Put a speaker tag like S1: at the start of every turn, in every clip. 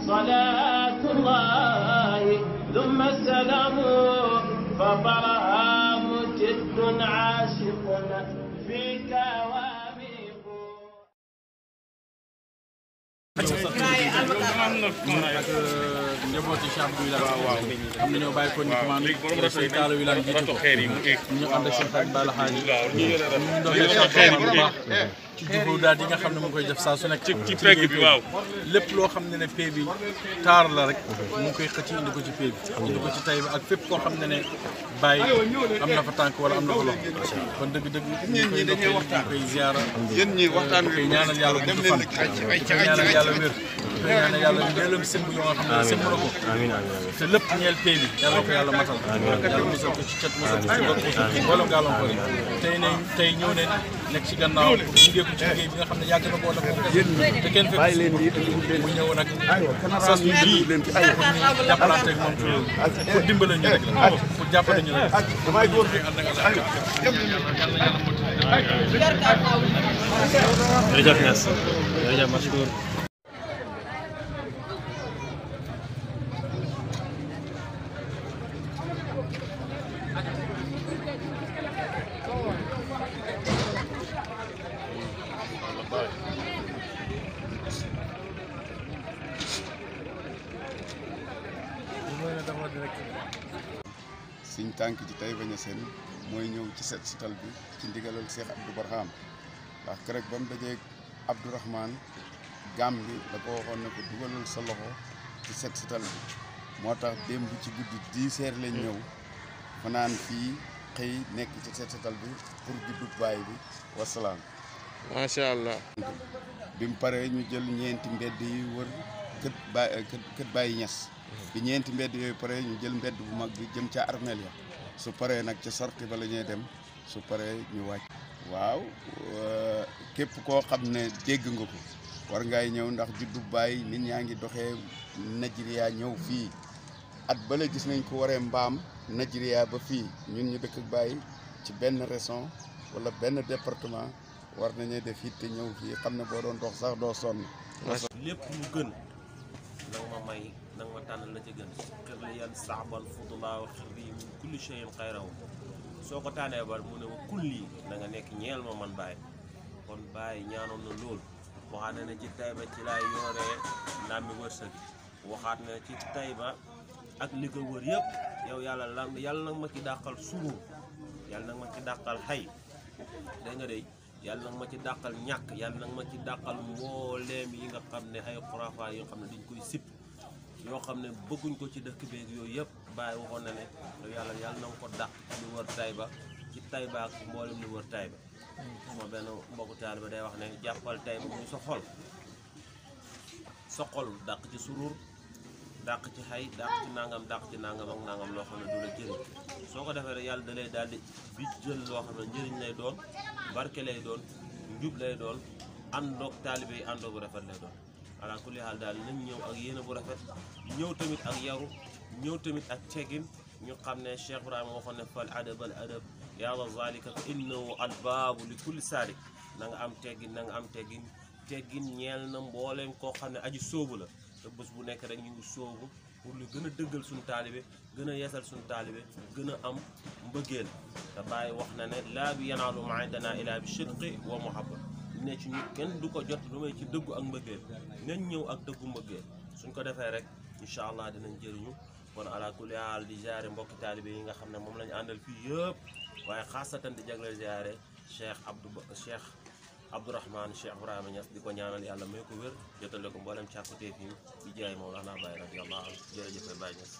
S1: صلاة الله ثم السلام ñun nag njabooti chef du village am na ñoo
S2: bàyyi ko ni commande seen taalu village jiitu ko ñu ànd ak seen xarit Bala Xaaji ñu doon chef du bu baax
S1: ci jubóo daal
S2: yi nga xam ne mu ngi koy def saa su nekk ci pegg bi waaw lépp loo xam ne ne pay bi taar la rek mu ngi koy xëcc indi ko ci pay bi indi ko ci tay bi ak fépp koo xam ne ne bàyyi am na fa tànk wala am na fa loxo kon dëgg dëgg ñu koy doxee ñu koy ziara ñu koy ñaanal yàlla bu fan ñu koy ñaanal yàlla wér te ñaan yàlla léeg-léeg sëmb yoo nga xam ne sëmb na ko. amiin amiin te lépp ñeel pay bi yàlla ko yàlla matal. amiin yàlla musal ko ci
S1: cat musal ko ci bopp musal ko ci wala gàllankoor yi.
S2: tey ne tey ñëw ne nekk ci gannaaw pour liggéey ko ci liggéey bi nga xam ne yàgg na ko wala foofu kese te kenn fekk si mu ñëw nag sas ñu lii pour ñu jàppalante ak moom ci loolu pour dimbale ñu rek la pour jàppale ñu rek damay góor fi ànd ak àll yàlla yàlla motul jërëjëf merci jërëjëf Massour suñ tànk ci Taïba seen mooy ñëw ci set sital bi ci ndigalal Cheikh Abdou Barham ndax keroog ba mu dajee Abdourahman gàmm bi da ko waxoon ne ko dugalal sa loxo ci set sital bi moo tax démb ci guddi dix heures lañ ñëw fanaan fii xëy nekk ci set sital bi pour juddu baay bi wasalaam. macha pare ñu jël ñeenti mbedd yi wër kët ba kët bàyyi ñas bi ñeenti mbedd yooyu pare ñu jël mbedd bu mag bi jëm ca armeel ya su paree nag ca sorti ba la ñuy dem su paree ñu wàcc. waaw euh, képp koo xam ne dégg nga ko war ngay ñëw ndax juddu bàyyi nit ñaa ngi doxee Nigeria ñëw fii at bala gis nañ ko waree mbaam Nigeria ba fii ñun ñu dëkk bàyyi ci benn région wala benn département war nañu def it te ñëw fii xam ne boo doon dox sax doo sonn.
S1: lépp lu gën. nanga ma may nanga ma tànn la ci gën xir li yan saabal fudula xir li min kulli cheyin xayraw soo ko tànnee ba mu ne ma kulli na nga nekk ñeel ma man bàyyi kon bàyyi ñaanoon na lool waxaat na ne ci Tayba ci laay yooree ndàmmi wërsëg waxaat na ci Tayba ak li ko wër yëpp yow yàlla lan yàlla na ma ci dàqal suruur yàlla na ma ci dàqal xay da nga dey yàlla nag ma ci dàqal ñàkk yàlla nag ma ci dàqal mbooleem yi nga xam ne ay xuraafaat yoo xam ne dañ koy sipp yoo xam ne bëgguñ ko ci dëkk beeg yooyu yëpp bàyyi waxoon na ne yàlla yàlla na nga ko dàq lu wër Taïba ci Taïba ak mboolem lu wër Taïba moo benn mbokku taaliba day wax ne jàppal Taïba muy sa xol sa dàq ci surur dàq ci xay dàq ci nangam dàq ci nangam ak nangam loo xam ne du la jëriñ soo ko defee rek yàlla da lay daal di bi jël loo xam ne njëriñ lay doon barke lay doon njub lay doon àndoog taalibe yi àndoo bu rafet lay doon ala kulli xaal daal nañ ñëw ak yéene bu rafet ñëw tamit ak yaru ñëw tamit ak teggin ñu xam ne Cheikh Ibrahima waxoon ne fal adab al adab yàlla zalika fa innahu albaabu li kulli saalik na am teggin na nga am teggin teggin ñeel na mbooleem koo xam ne aji sóobu la te bu nekk rek ñu ngi pour lu gën a dëggal suñu taalibe gën a yeesal suñu taalibe gën a am mbëggeel te bàyyi wax na ne laa bi yanaalu ma indana ilaa bi sidqi wa muhabba ne ci ñu kenn du ko jot lu may ci dëggu ak mbëggeel nañ ñëw ak dëggu mbëggeel suñ ko defee rek incha allah dinañ jëriñu kon ala kulli di jaare mbokki taalibe yi nga xam ne moom lañu àndal fii yëpp waaye xaasatan di jagleel jaare Cheikh Abdou Cheikh Abdourahmane Cheikh Ibrahima Niass di ko ñaanal yàlla may ko wér jotale ko mboolem càkkuteef yi di jaay moom laa naa bàyyi radiyallahu anhu jërëjëf Baye Niass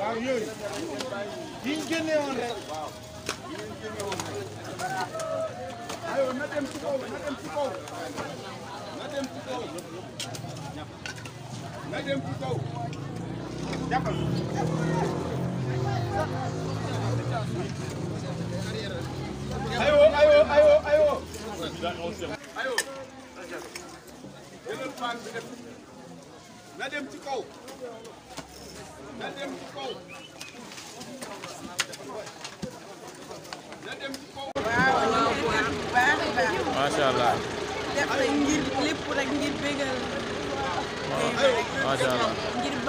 S2: waaw yooyu yi ñu génne woon rek aywa na dem ci kaw na dem ci kaw na dem ci kaw na dem ci kaw na dem ci kaw na dem ci kaw na dem ci kaw. waaw ñoo bu baax a baax. macha allah. def na ngir lépp rek ngir bégal. macha allah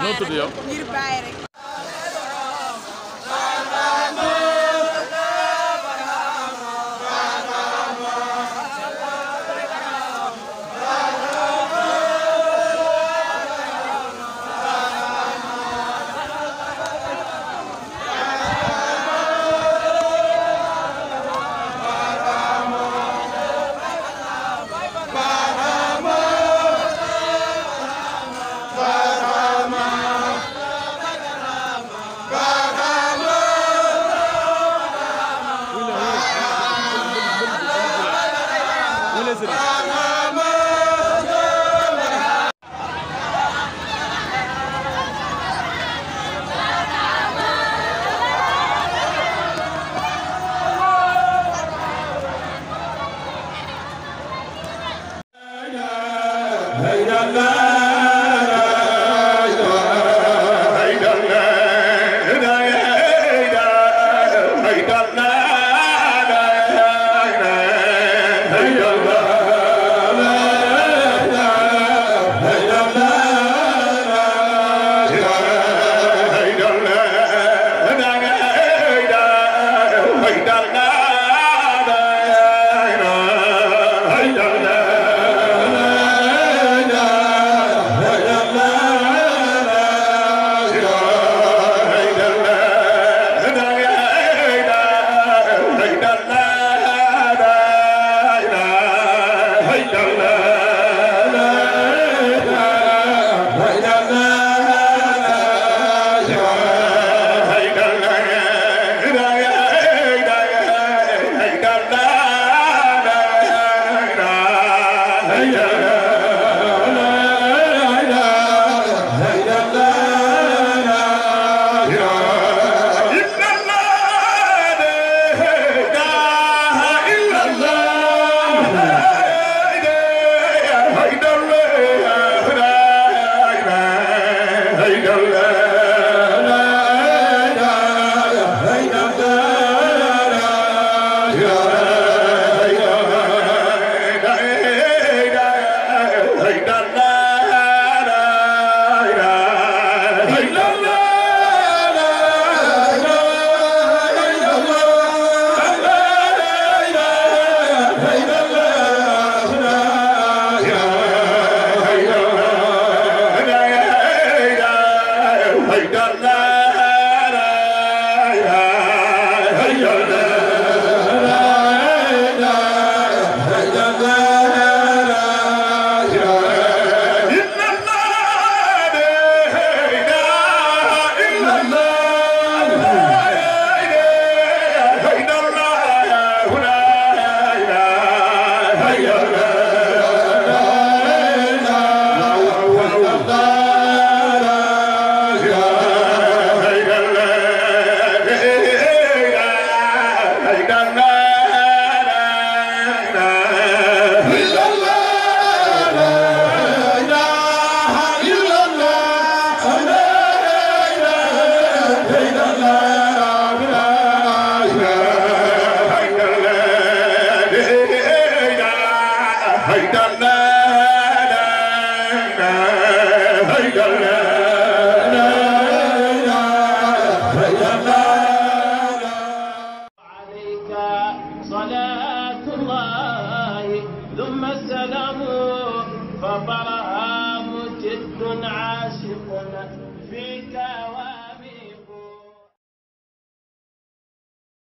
S2: noo tudd yow. ngir bàyyi rek.
S1: la yàlla la